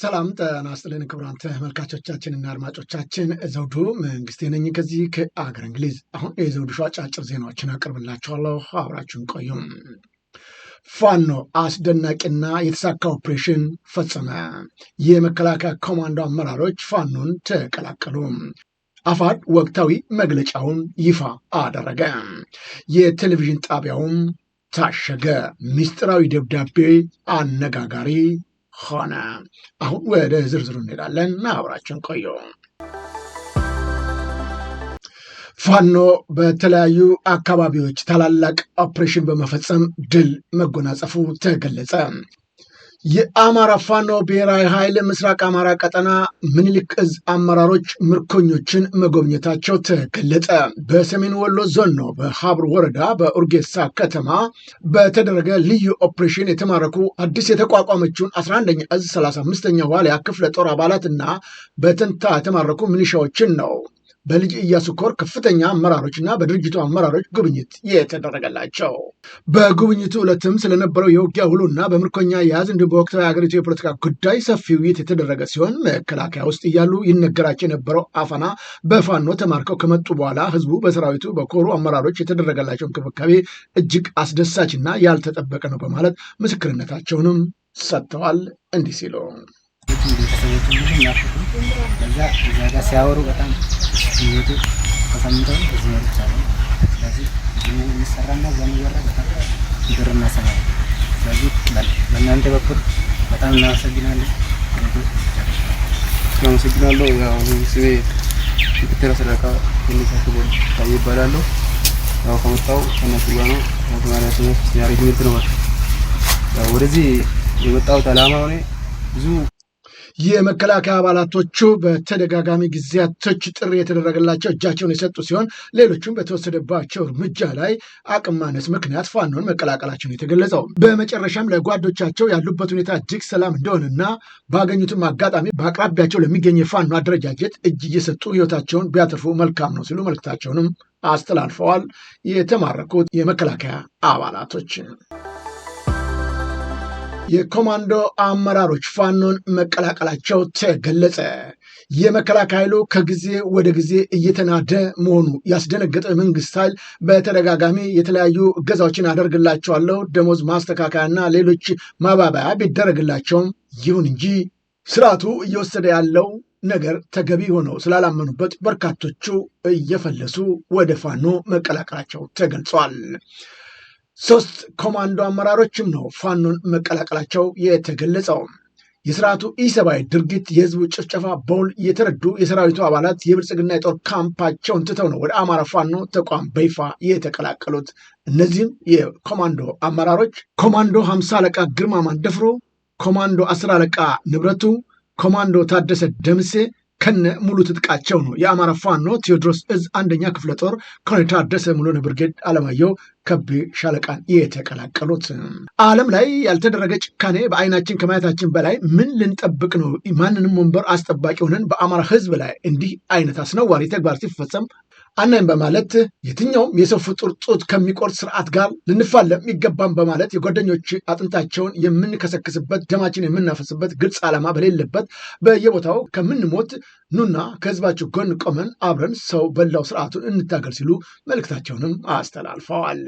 ሰላም ጤና ይስጥልን ክቡራን ተመልካቾቻችንና አድማጮቻችን ዘውዱ መንግስቴ ነኝ ከዚህ ከአገር እንግሊዝ። አሁን የዘውዱ ሾው አጫጭር ዜናዎችን አቀርብላችኋለሁ፣ አብራችሁን ቆዩ። ፋኖ አስደናቂና የተሳካ ኦፕሬሽን ፈጸመ። የመከላከያ ኮማንዶ አመራሮች ፋኖን ተቀላቀሉ። አፋድ ወቅታዊ መግለጫውን ይፋ አደረገ። የቴሌቪዥን ጣቢያውም ታሸገ። ሚስጢራዊ ደብዳቤ አነጋጋሪ ሆነ። አሁን ወደ ዝርዝሩ እንሄዳለን። አብራችን ቆዩ። ፋኖ በተለያዩ አካባቢዎች ታላላቅ ኦፕሬሽን በመፈጸም ድል መጎናጸፉ ተገለጸ። የአማራ ፋኖ ብሔራዊ ኃይል ምስራቅ አማራ ቀጠና ምኒልክ እዝ አመራሮች ምርኮኞችን መጎብኘታቸው ተገለጸ። በሰሜን ወሎ ዞን ነው በሀብር ወረዳ በኡርጌሳ ከተማ በተደረገ ልዩ ኦፕሬሽን የተማረኩ አዲስ የተቋቋመችውን 11ኛ እዝ 35ኛ ዋሊያ ክፍለ ጦር አባላት እና በትንታ የተማረኩ ሚሊሻዎችን ነው በልጅ ኢያሱ ኮር ከፍተኛ አመራሮችና በድርጅቱ አመራሮች ጉብኝት የተደረገላቸው። በጉብኝቱ ዕለትም ስለነበረው የውጊያ እና በምርኮኛ የያዝ እንዲሁም በወቅታዊ ሀገሪቱ የፖለቲካ ጉዳይ ሰፊ ውይይት የተደረገ ሲሆን መከላከያ ውስጥ እያሉ ይነገራቸው የነበረው አፈና በፋኖ ተማርከው ከመጡ በኋላ ህዝቡ በሰራዊቱ በኮሩ አመራሮች የተደረገላቸው እንክብካቤ እጅግ አስደሳችና ያልተጠበቀ ነው በማለት ምስክርነታቸውንም ሰጥተዋል። እንዲህ ሲሉ ልጆቹም ቤተሰቦቹም ብዙ ናፍቁ። ከዛ እዛ ጋር ሲያወሩ በጣም ስሜቱ ተሰምተው እዚህ ወርቻለሁ። ስለዚህ የሚሰራና እዛ በጣም ብር እናሰማለን። ስለዚህ በእናንተ በኩል በጣም እናመሰግናለን። አመሰግናለሁ። ያው ስሜ ምክትል አስረካ የሚታስቦ ታዬ ይባላለሁ። ያው ከመጣሁ ከእነሱ ጋር ነው ተማሪያ ስሜ ሶስተኛ ነው። ወደዚህ የመጣሁት አላማ ሆኔ ብዙ የመከላከያ አባላቶቹ በተደጋጋሚ ጊዜያቶች ጥሪ የተደረገላቸው እጃቸውን የሰጡ ሲሆን ሌሎቹም በተወሰደባቸው እርምጃ ላይ አቅም ማነስ ምክንያት ፋኖን መቀላቀላቸውን የተገለጸው። በመጨረሻም ለጓዶቻቸው ያሉበት ሁኔታ እጅግ ሰላም እንደሆነና ባገኙትም አጋጣሚ በአቅራቢያቸው ለሚገኝ የፋኖ አደረጃጀት እጅ እየሰጡ ህይወታቸውን ቢያተርፉ መልካም ነው ሲሉ መልክታቸውንም አስተላልፈዋል። የተማረኩት የመከላከያ አባላቶች የኮማንዶ አመራሮች ፋኖን መቀላቀላቸው ተገለጸ። የመከላከያ ኃይሉ ከጊዜ ወደ ጊዜ እየተናደ መሆኑ ያስደነገጠ መንግስት ኃይል በተደጋጋሚ የተለያዩ እገዛዎችን አደርግላቸዋለሁ፣ ደሞዝ ማስተካከያና ሌሎች ማባበያ ቢደረግላቸውም ይሁን እንጂ ስርዓቱ እየወሰደ ያለው ነገር ተገቢ ሆነው ስላላመኑበት በርካቶቹ እየፈለሱ ወደ ፋኖ መቀላቀላቸው ተገልጿል። ሶስት ኮማንዶ አመራሮችም ነው ፋኖን መቀላቀላቸው የተገለጸው። የስርዓቱ ኢሰብአዊ ድርጊት፣ የህዝቡ ጭፍጨፋ በውል የተረዱ የሰራዊቱ አባላት የብልጽግና የጦር ካምፓቸውን ትተው ነው ወደ አማራ ፋኖ ተቋም በይፋ የተቀላቀሉት። እነዚህም የኮማንዶ አመራሮች ኮማንዶ ሀምሳ አለቃ ግርማ ማንደፍሮ፣ ኮማንዶ አስር አለቃ ንብረቱ፣ ኮማንዶ ታደሰ ደምሴ፣ ከነ ሙሉ ትጥቃቸው ነው። የአማራ ፋኖ ቴዎድሮስ እዝ አንደኛ ክፍለ ጦር ኮሎኔል ታደሰ ሙሉነህ ብርጌድ አለማየሁ ከቤ ሻለቃን የተቀላቀሉት። ዓለም ላይ ያልተደረገ ጭካኔ በአይናችን ከማየታችን በላይ ምን ልንጠብቅ ነው? ማንንም ወንበር አስጠባቂ ሆነን በአማራ ህዝብ ላይ እንዲህ አይነት አስነዋሪ ተግባር ሲፈጸም አናይም በማለት የትኛውም የሰው ፍጡር ጡት ከሚቆርጥ ስርዓት ጋር ልንፋለም የሚገባም በማለት የጓደኞች አጥንታቸውን የምንከሰክስበት ደማችን የምናፈስበት ግልጽ ዓላማ በሌለበት በየቦታው ከምንሞት ኑና ከህዝባችሁ ጎን ቆመን አብረን ሰው በላው ስርዓቱን እንታገል ሲሉ መልእክታቸውንም አስተላልፈዋል።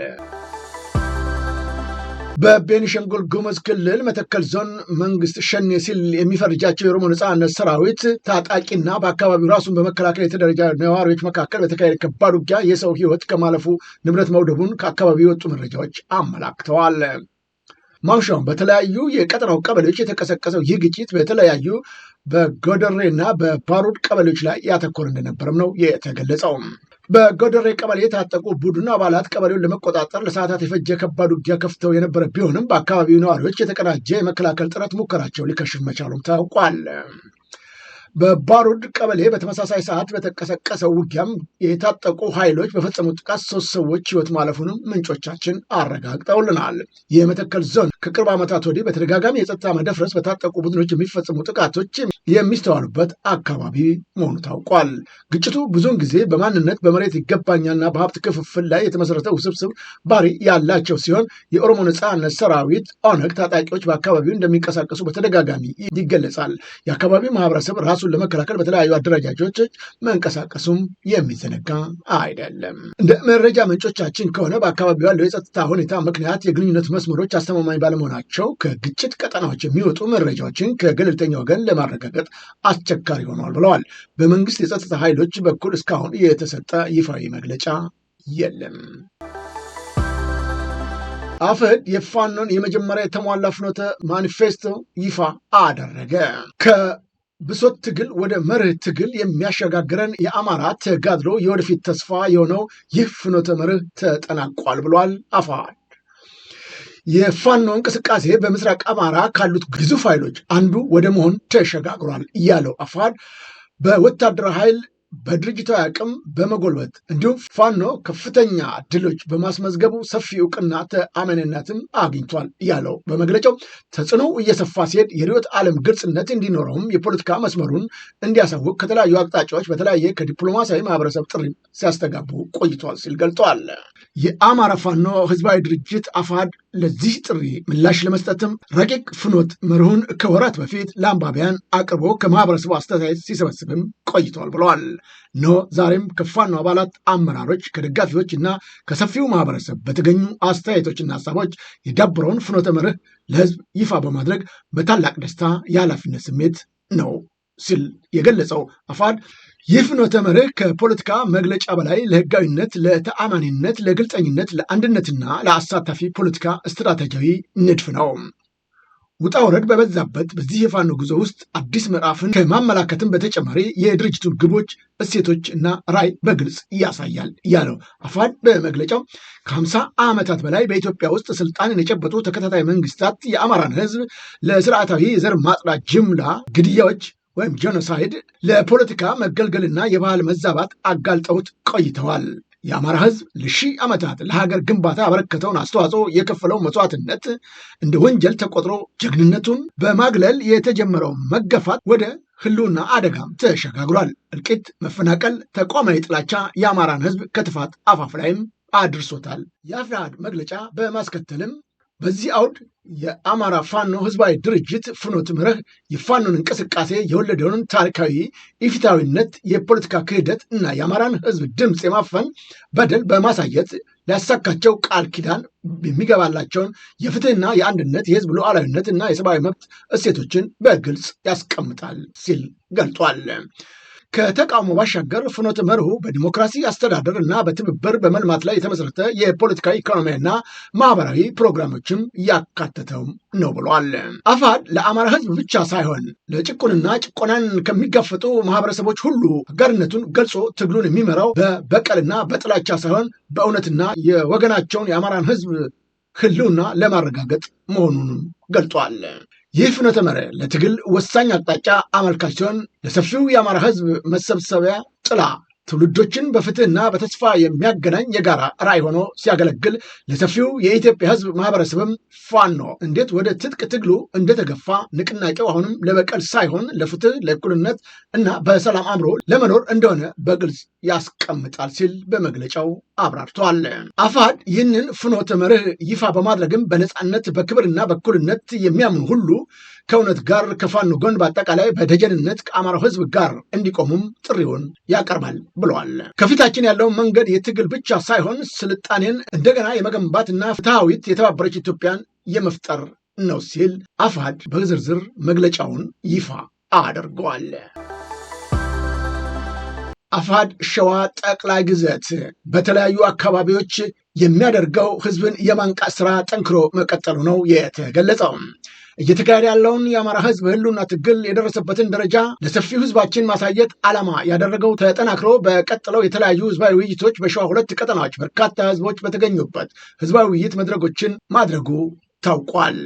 በቤኒሻንጉል ጉሙዝ ክልል መተከል ዞን መንግስት ሸኔ ሲል የሚፈርጃቸው የኦሮሞ ነጻነት ሰራዊት ታጣቂና በአካባቢው ራሱን በመከላከል የተደረጃ ነዋሪዎች መካከል በተካሄደ ከባድ ውጊያ የሰው ህይወት ከማለፉ ንብረት መውደቡን ከአካባቢው የወጡ መረጃዎች አመላክተዋል። ማምሻውን በተለያዩ የቀጠናው ቀበሌዎች የተቀሰቀሰው ይህ ግጭት በተለያዩ በጎደሬና በባሩድ ቀበሌዎች ላይ ያተኮር እንደነበረም ነው የተገለጸው። በጎደሬ ቀበሌ የታጠቁ ቡድን አባላት ቀበሌውን ለመቆጣጠር ለሰዓታት የፈጀ ከባድ ውጊያ ከፍተው የነበረ ቢሆንም በአካባቢው ነዋሪዎች የተቀናጀ የመከላከል ጥረት ሙከራቸው ሊከሽፍ መቻሉም ታውቋል። በባሩድ ቀበሌ በተመሳሳይ ሰዓት በተቀሰቀሰው ውጊያም የታጠቁ ኃይሎች በፈጸሙት ጥቃት ሶስት ሰዎች ህይወት ማለፉንም ምንጮቻችን አረጋግጠውልናል። የመተከል ዞን ከቅርብ ዓመታት ወዲህ በተደጋጋሚ የጸጥታ መደፍረስ በታጠቁ ቡድኖች የሚፈጸሙ ጥቃቶች የሚስተዋሉበት አካባቢ መሆኑ ታውቋል። ግጭቱ ብዙውን ጊዜ በማንነት በመሬት ይገባኛና በሀብት ክፍፍል ላይ የተመሰረተ ውስብስብ ባሪ ያላቸው ሲሆን የኦሮሞ ነጻነት ሰራዊት ኦነግ ታጣቂዎች በአካባቢው እንደሚንቀሳቀሱ በተደጋጋሚ ይገለጻል። የአካባቢው ማህበረሰብ ራሱ ራሱን ለመከላከል በተለያዩ አደረጃጆች መንቀሳቀሱም የሚዘነጋ አይደለም። እንደ መረጃ ምንጮቻችን ከሆነ በአካባቢው ያለው የጸጥታ ሁኔታ ምክንያት የግንኙነት መስመሮች አስተማማኝ ባለመሆናቸው ከግጭት ቀጠናዎች የሚወጡ መረጃዎችን ከገለልተኛ ወገን ለማረጋገጥ አስቸጋሪ ሆኗል ብለዋል። በመንግስት የጸጥታ ኃይሎች በኩል እስካሁን የተሰጠ ይፋዊ መግለጫ የለም። አፈድ የፋኖን የመጀመሪያ የተሟላ ፍኖተ ማኒፌስቶ ይፋ አደረገ። ብሶት ትግል ወደ መርህ ትግል የሚያሸጋግረን የአማራ ተጋድሎ የወደፊት ተስፋ የሆነው ይህ ፍኖተ መርህ ተጠናቋል ብሏል አፋሕድ። የፋኖ እንቅስቃሴ በምስራቅ አማራ ካሉት ግዙፍ ኃይሎች አንዱ ወደ መሆን ተሸጋግሯል ያለው አፋድ በወታደራዊ ኃይል በድርጅታዊ አቅም በመጎልበት እንዲሁም ፋኖ ከፍተኛ ድሎች በማስመዝገቡ ሰፊ እውቅና ተአማኒነትን አግኝቷል ያለው በመግለጫው ተጽዕኖ እየሰፋ ሲሄድ የሪዮት ዓለም ግልጽነት እንዲኖረውም የፖለቲካ መስመሩን እንዲያሳውቅ ከተለያዩ አቅጣጫዎች በተለያየ ከዲፕሎማሲያዊ ማህበረሰብ ጥሪ ሲያስተጋቡ ቆይቷል ሲል ገልጠዋል። የአማራ ፋኖ ህዝባዊ ድርጅት አፋድ ለዚህ ጥሪ ምላሽ ለመስጠትም ረቂቅ ፍኖት መርሁን ከወራት በፊት ለአንባቢያን አቅርቦ ከማህበረሰቡ አስተያየት ሲሰበስብም ቆይቷል ብለዋል። ኖ ዛሬም ከፋኖ አባላት አመራሮች፣ ከደጋፊዎች እና ከሰፊው ማህበረሰብ በተገኙ አስተያየቶችና ሀሳቦች የዳብረውን ፍኖተ መርህ ለህዝብ ይፋ በማድረግ በታላቅ ደስታ የኃላፊነት ስሜት ነው ሲል የገለጸው አፋድ ይህ ፍኖተ መርህ ከፖለቲካ መግለጫ በላይ ለህጋዊነት፣ ለተአማኒነት፣ ለግልጠኝነት፣ ለአንድነትና ለአሳታፊ ፖለቲካ ስትራቴጂያዊ ንድፍ ነው። ውጣ ውረድ በበዛበት በዚህ የፋኖ ጉዞ ውስጥ አዲስ ምዕራፍን ከማመላከትም በተጨማሪ የድርጅቱን ግቦች፣ እሴቶች እና ራዕይ በግልጽ ያሳያል ያለው አፋድ በመግለጫው ከሀምሳ ዓመታት በላይ በኢትዮጵያ ውስጥ ስልጣን የጨበጡ ተከታታይ መንግስታት የአማራን ህዝብ ለስርዓታዊ የዘር ማጽዳት ጅምላ ግድያዎች ወይም ጄኖሳይድ ለፖለቲካ መገልገልና የባህል መዛባት አጋልጠውት ቆይተዋል። የአማራ ህዝብ ለሺህ ዓመታት ለሀገር ግንባታ ያበረከተውን አስተዋጽኦ የከፈለው መስዋዕትነት እንደ ወንጀል ተቆጥሮ ጀግንነቱን በማግለል የተጀመረው መገፋት ወደ ህልውና አደጋም ተሸጋግሯል። እልቂት፣ መፈናቀል፣ ተቋማዊ ጥላቻ የአማራን ህዝብ ከጥፋት አፋፍ ላይም አድርሶታል። የአፍራድ መግለጫ በማስከተልም በዚህ አውድ የአማራ ፋኖ ህዝባዊ ድርጅት ፍኖት ምረህ የፋኖን እንቅስቃሴ የወለደውን ታሪካዊ ኢፍታዊነት የፖለቲካ ክህደት እና የአማራን ህዝብ ድምፅ የማፈን በደል በማሳየት ሊያሳካቸው ቃል ኪዳን የሚገባላቸውን የፍትህና የአንድነት የህዝብ ሉዓላዊነት እና የሰብአዊ መብት እሴቶችን በግልጽ ያስቀምጣል ሲል ገልጧል። ከተቃውሞ ባሻገር ፍኖተ መርሁ በዲሞክራሲ አስተዳደር እና በትብብር በመልማት ላይ የተመሰረተ የፖለቲካ ኢኮኖሚያና ማህበራዊ ፕሮግራሞችም ያካተተው ነው ብሏል። አፋድ ለአማራ ህዝብ ብቻ ሳይሆን ለጭቁንና ጭቆናን ከሚጋፈጡ ማህበረሰቦች ሁሉ አጋርነቱን ገልጾ ትግሉን የሚመራው በበቀልና በጥላቻ ሳይሆን በእውነትና የወገናቸውን የአማራን ህዝብ ህልውና ለማረጋገጥ መሆኑንም ገልጧል። ይህ ፍኖተ መርህ ለትግል ወሳኝ አቅጣጫ አመልካች ሲሆን ለሰፊው የአማራ ህዝብ መሰብሰቢያ ጥላ ትውልዶችን በፍትህና በተስፋ የሚያገናኝ የጋራ ራዕይ ሆኖ ሲያገለግል ለሰፊው የኢትዮጵያ ህዝብ ማህበረሰብም ፋኖ እንዴት ወደ ትጥቅ ትግሉ እንደተገፋ ንቅናቄው አሁንም ለበቀል ሳይሆን ለፍትህ፣ ለእኩልነት እና በሰላም አምሮ ለመኖር እንደሆነ በግልጽ ያስቀምጣል ሲል በመግለጫው አብራርቷል። አፋድ ይህንን ፍኖተ መርህ ይፋ በማድረግም በነፃነት በክብርና በእኩልነት የሚያምኑ ሁሉ ከእውነት ጋር ከፋኖ ጎን በአጠቃላይ በደጀንነት ከአማራው ህዝብ ጋር እንዲቆሙም ጥሪውን ያቀርባል። ብለዋል። ከፊታችን ያለው መንገድ የትግል ብቻ ሳይሆን ስልጣኔን እንደገና የመገንባትና ፍትሐዊት የተባበረች ኢትዮጵያን የመፍጠር ነው ሲል አፋድ በዝርዝር መግለጫውን ይፋ አድርገዋል። አፋድ ሸዋ ጠቅላይ ግዘት በተለያዩ አካባቢዎች የሚያደርገው ህዝብን የማንቃት ስራ ጠንክሮ መቀጠሉ ነው የተገለጸው። እየተካሄደ ያለውን የአማራ ህዝብ ህሉና ትግል የደረሰበትን ደረጃ ለሰፊው ህዝባችን ማሳየት ዓላማ ያደረገው ተጠናክሮ በቀጥለው የተለያዩ ህዝባዊ ውይይቶች በሸዋ ሁለት ቀጠናዎች በርካታ ህዝቦች በተገኙበት ህዝባዊ ውይይት መድረጎችን ማድረጉ ታውቋል።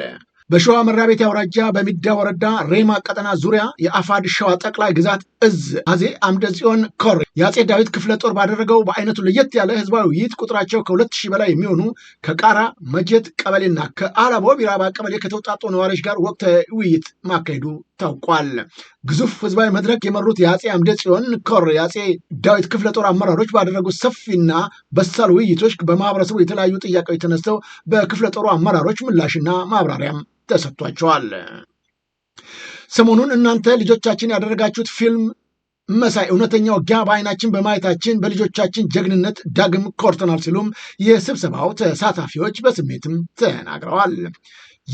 በሸዋ ቤት አውራጃ በሚዳ ወረዳ ሬማ ቀጠና ዙሪያ የአፋድ ሸዋ ጠቅላይ ግዛት እዝ አጼ አምደጽዮን ኮር የአጼ ዳዊት ክፍለ ጦር ባደረገው በአይነቱ ለየት ያለ ህዝባዊ ውይይት ቁጥራቸው ከሁለት ሺህ በላይ የሚሆኑ ከቃራ መጀት ቀበሌና ከአላቦ ቢራባ ቀበሌ ከተውጣጡ ነዋሪዎች ጋር ወቅታዊ ውይይት ማካሄዱ ታውቋል። ግዙፍ ህዝባዊ መድረክ የመሩት የአጼ አምደ ጽዮን ኮር የአጼ ዳዊት ክፍለ ጦር አመራሮች ባደረጉት ሰፊና በሳል ውይይቶች በማህበረሰቡ የተለያዩ ጥያቄዎች ተነስተው በክፍለ ጦሩ አመራሮች ምላሽና ማብራሪያም ተሰጥቷቸዋል። ሰሞኑን እናንተ ልጆቻችን ያደረጋችሁት ፊልም መሳይ እውነተኛ ውጊያ በአይናችን በማየታችን በልጆቻችን ጀግንነት ዳግም ኮርተናል ሲሉም የስብሰባው ተሳታፊዎች በስሜትም ተናግረዋል።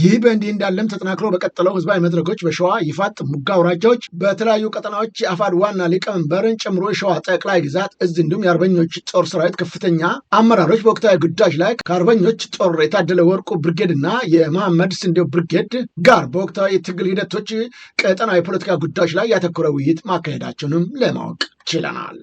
ይህ በእንዲህ እንዳለም ተጠናክሮ በቀጠለው ህዝባዊ መድረኮች በሸዋ ይፋት፣ ሙጋ አውራጃዎች በተለያዩ ቀጠናዎች የአፋድ ዋና ሊቀመንበርን ጨምሮ የሸዋ ጠቅላይ ግዛት እዝ እንዲሁም የአርበኞች ጦር ሰራዊት ከፍተኛ አመራሮች በወቅታዊ ግዳጅ ላይ ከአርበኞች ጦር የታደለ ወርቁ ብርጌድ እና የመሐመድ ስንዴው ብርጌድ ጋር በወቅታዊ የትግል ሂደቶች ቀጠና የፖለቲካ ጉዳዮች ላይ ያተኮረ ውይይት ማካሄዳቸውንም ለማወቅ ችለናል።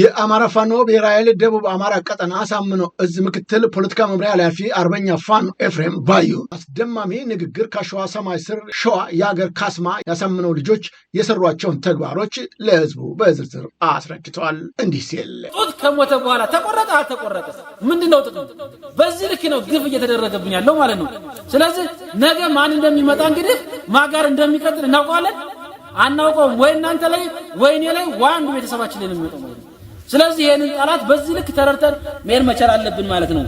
የአማራ ፋኖ ብሔራዊ ኃይል ደቡብ አማራ ቀጠና አሳምነው እዝ ምክትል ፖለቲካ መምሪያ ኃላፊ አርበኛ ፋኖ ኤፍሬም ባዩ አስደማሚ ንግግር ከሸዋ ሰማይ ስር ሸዋ የአገር ካስማ ያሳምነው ልጆች የሰሯቸውን ተግባሮች ለህዝቡ በዝርዝር አስረድተዋል። እንዲህ ሲል ጡት ከሞተ በኋላ ተቆረጠ አልተቆረጠ ምንድን ነው ጥቅም? በዚህ ልክ ነው ግፍ እየተደረገብን ያለው ማለት ነው። ስለዚህ ነገ ማን እንደሚመጣ እንግዲህ ማጋር እንደሚቀጥል እናውቀዋለን አናውቀውም? ወይ እናንተ ላይ ወይኔ ላይ ዋንዱ ቤተሰባችን ላይ ነው ስለዚህ ይህንን ጠላት በዚህ ልክ ተረድተን መሄድ መቻል አለብን ማለት ነው።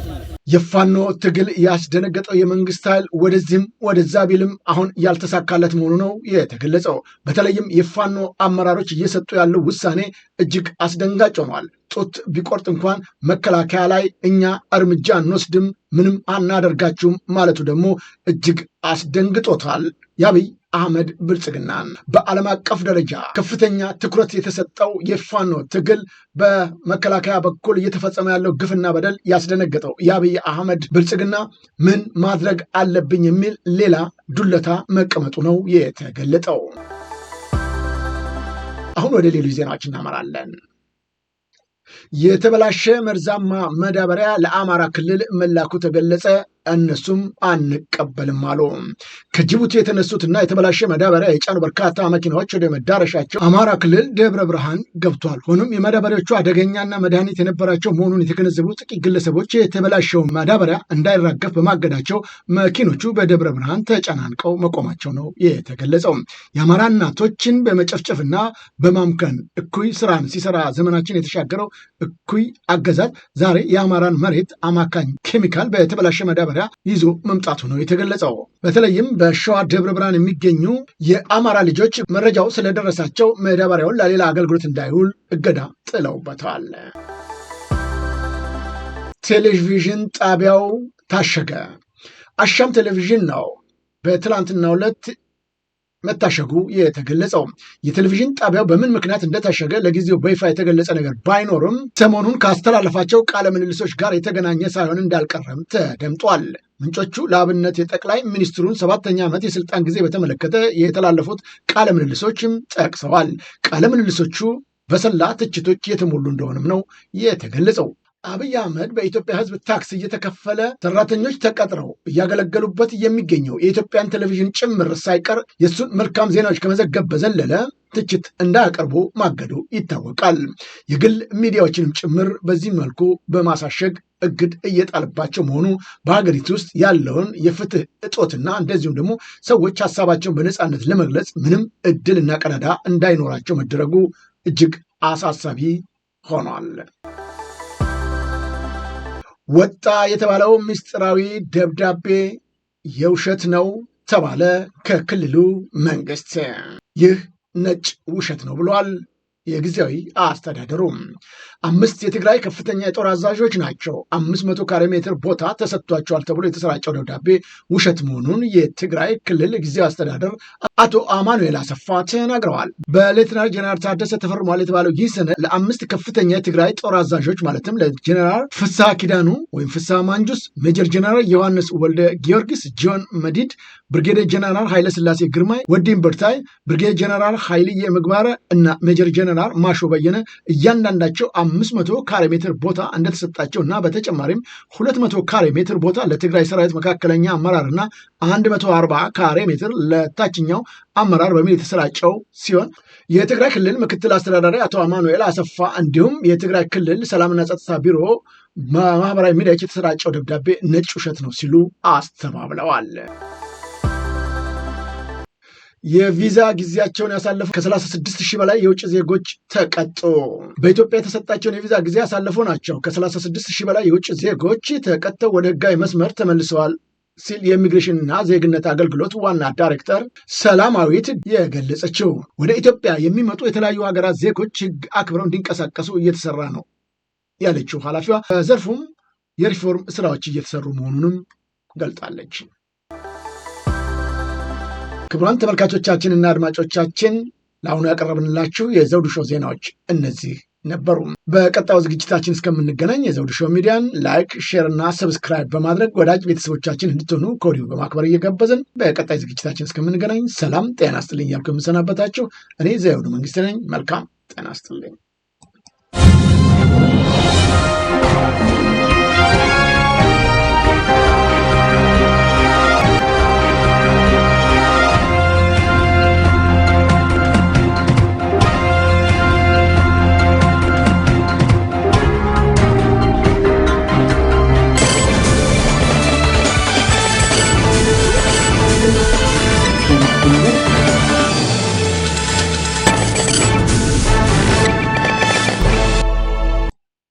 የፋኖ ትግል ያስደነገጠው የመንግስት ኃይል ወደዚህም ወደዛ ቢልም አሁን ያልተሳካለት መሆኑ ነው የተገለጸው። በተለይም የፋኖ አመራሮች እየሰጡ ያለው ውሳኔ እጅግ አስደንጋጭ ሆኗል። ጡት ቢቆርጥ እንኳን መከላከያ ላይ እኛ እርምጃ አንወስድም፣ ምንም አናደርጋችሁም ማለቱ ደግሞ እጅግ አስደንግጦታል። የአብይ አህመድ ብልጽግናን በዓለም አቀፍ ደረጃ ከፍተኛ ትኩረት የተሰጠው የፋኖ ትግል በመከላከያ በኩል እየተፈጸመ ያለው ግፍና በደል ያስደነገጠው የአብይ አህመድ ብልጽግና ምን ማድረግ አለብኝ የሚል ሌላ ዱለታ መቀመጡ ነው የተገለጠው። አሁን ወደ ሌሎች ዜናዎች እናመራለን። የተበላሸ መርዛማ መዳበሪያ ለአማራ ክልል መላኩ ተገለጸ። እነሱም አንቀበልም አሉ። ከጅቡቲ የተነሱትና የተበላሸ ማዳበሪያ የጫኑ በርካታ መኪናዎች ወደ መዳረሻቸው አማራ ክልል ደብረ ብርሃን ገብቷል። ሆኖም የማዳበሪያዎቹ አደገኛና መድኃኒት የነበራቸው መሆኑን የተገነዘቡ ጥቂት ግለሰቦች የተበላሸው ማዳበሪያ እንዳይራገፍ በማገዳቸው መኪኖቹ በደብረ ብርሃን ተጨናንቀው መቆማቸው ነው የተገለጸው። የአማራ እናቶችን በመጨፍጨፍና በማምከን እኩይ ስራን ሲሰራ ዘመናችን የተሻገረው እኩይ አገዛዝ ዛሬ የአማራን መሬት አማካኝ ኬሚካል በተበላሸ መዳበሪያ መመሪያ ይዞ መምጣቱ ነው የተገለጸው። በተለይም በሸዋ ደብረ ብርሃን የሚገኙ የአማራ ልጆች መረጃው ስለደረሳቸው መዳበሪያውን ለሌላ አገልግሎት እንዳይውል እገዳ ጥለውበታል። ቴሌቪዥን ጣቢያው ታሸገ። አሻም ቴሌቪዥን ነው በትላንትና ሁለት መታሸጉ የተገለጸው። የቴሌቪዥን ጣቢያው በምን ምክንያት እንደታሸገ ለጊዜው በይፋ የተገለጸ ነገር ባይኖርም ሰሞኑን ካስተላለፋቸው ቃለ ምልልሶች ጋር የተገናኘ ሳይሆን እንዳልቀረም ተደምጧል። ምንጮቹ ለአብነት የጠቅላይ ሚኒስትሩን ሰባተኛ ዓመት የስልጣን ጊዜ በተመለከተ የተላለፉት ቃለ ምልልሶችም ጠቅሰዋል። ቃለ ምልልሶቹ በሰላ ትችቶች የተሞሉ እንደሆነም ነው የተገለጸው። አብይ አህመድ በኢትዮጵያ ህዝብ ታክስ እየተከፈለ ሰራተኞች ተቀጥረው እያገለገሉበት የሚገኘው የኢትዮጵያን ቴሌቪዥን ጭምር ሳይቀር የእሱን መልካም ዜናዎች ከመዘገብ በዘለለ ትችት እንዳያቀርቡ ማገዱ ይታወቃል። የግል ሚዲያዎችንም ጭምር በዚህ መልኩ በማሳሸግ እግድ እየጣልባቸው መሆኑ በሀገሪቱ ውስጥ ያለውን የፍትህ እጦትና እንደዚሁም ደግሞ ሰዎች ሀሳባቸውን በነፃነት ለመግለጽ ምንም እድልና ቀዳዳ እንዳይኖራቸው መደረጉ እጅግ አሳሳቢ ሆኗል። ወጣ የተባለው ምስጢራዊ ደብዳቤ የውሸት ነው ተባለ ከክልሉ መንግስት። ይህ ነጭ ውሸት ነው ብሏል የጊዜያዊ አስተዳደሩ። አምስት የትግራይ ከፍተኛ የጦር አዛዦች ናቸው። አምስት መቶ ካሬ ሜትር ቦታ ተሰጥቷቸዋል ተብሎ የተሰራጨው ደብዳቤ ውሸት መሆኑን የትግራይ ክልል ጊዜያዊ አስተዳደር አቶ አማኑኤል አሰፋ ተናግረዋል። በሌትናል ጀነራል ታደሰ ተፈርሟል የተባለው ይህ ሰነድ ለአምስት ከፍተኛ የትግራይ ጦር አዛዦች ማለትም ለጀነራል ፍሳ ኪዳኑ ወይም ፍሳ ማንጁስ፣ ሜጀር ጀነራል ዮሐንስ ወልደ ጊዮርጊስ፣ ጆን መዲድ፣ ብርጌዴ ጀነራል ኃይለስላሴ ግርማይ፣ ወዲን በርታይ፣ ብርጌዴር ጀነራል ኃይልየ ምግባረ እና ሜጀር ጀነራል ማሾ በየነ እያንዳንዳቸው አምስት መቶ ካሬ ሜትር ቦታ እንደተሰጣቸው እና በተጨማሪም ሁለት መቶ ካሬ ሜትር ቦታ ለትግራይ ሰራዊት መካከለኛ አመራር እና አንድ መቶ አርባ ካሬ ሜትር ለታችኛው አመራር በሚል የተሰራጨው ሲሆን የትግራይ ክልል ምክትል አስተዳዳሪ አቶ አማኑኤል አሰፋ እንዲሁም የትግራይ ክልል ሰላምና ጸጥታ ቢሮ በማህበራዊ ሚዲያዎች የተሰራጨው ደብዳቤ ነጭ ውሸት ነው ሲሉ አስተባብለዋል። የቪዛ ጊዜያቸውን ያሳለፉ ከ36 ሺህ በላይ የውጭ ዜጎች ተቀጡ። በኢትዮጵያ የተሰጣቸውን የቪዛ ጊዜ ያሳለፉ ናቸው ከ36 ሺህ በላይ የውጭ ዜጎች ተቀጥተው ወደ ህጋዊ መስመር ተመልሰዋል ሲል የኢሚግሬሽንና ዜግነት አገልግሎት ዋና ዳይሬክተር ሰላማዊት የገለጸችው። ወደ ኢትዮጵያ የሚመጡ የተለያዩ ሀገራት ዜጎች ህግ አክብረው እንዲንቀሳቀሱ እየተሰራ ነው ያለችው ኃላፊዋ በዘርፉም የሪፎርም ስራዎች እየተሰሩ መሆኑንም ገልጣለች። ክቡራን ተመልካቾቻችንና አድማጮቻችን ለአሁኑ ያቀረብንላችሁ የዘውዱ ሾው ዜናዎች እነዚህ ነበሩ። በቀጣዩ ዝግጅታችን እስከምንገናኝ የዘውዱ ሾው ሚዲያን ላይክ፣ ሼር እና ሰብስክራይብ በማድረግ ወዳጅ ቤተሰቦቻችን እንድትሆኑ ከወዲሁ በማክበር እየጋበዝን በቀጣይ ዝግጅታችን እስከምንገናኝ ሰላም ጤና ስጥልኝ ያልኩ የምሰናበታችሁ እኔ ዘውዱ መንግስት ነኝ። መልካም ጤና ስጥልኝ።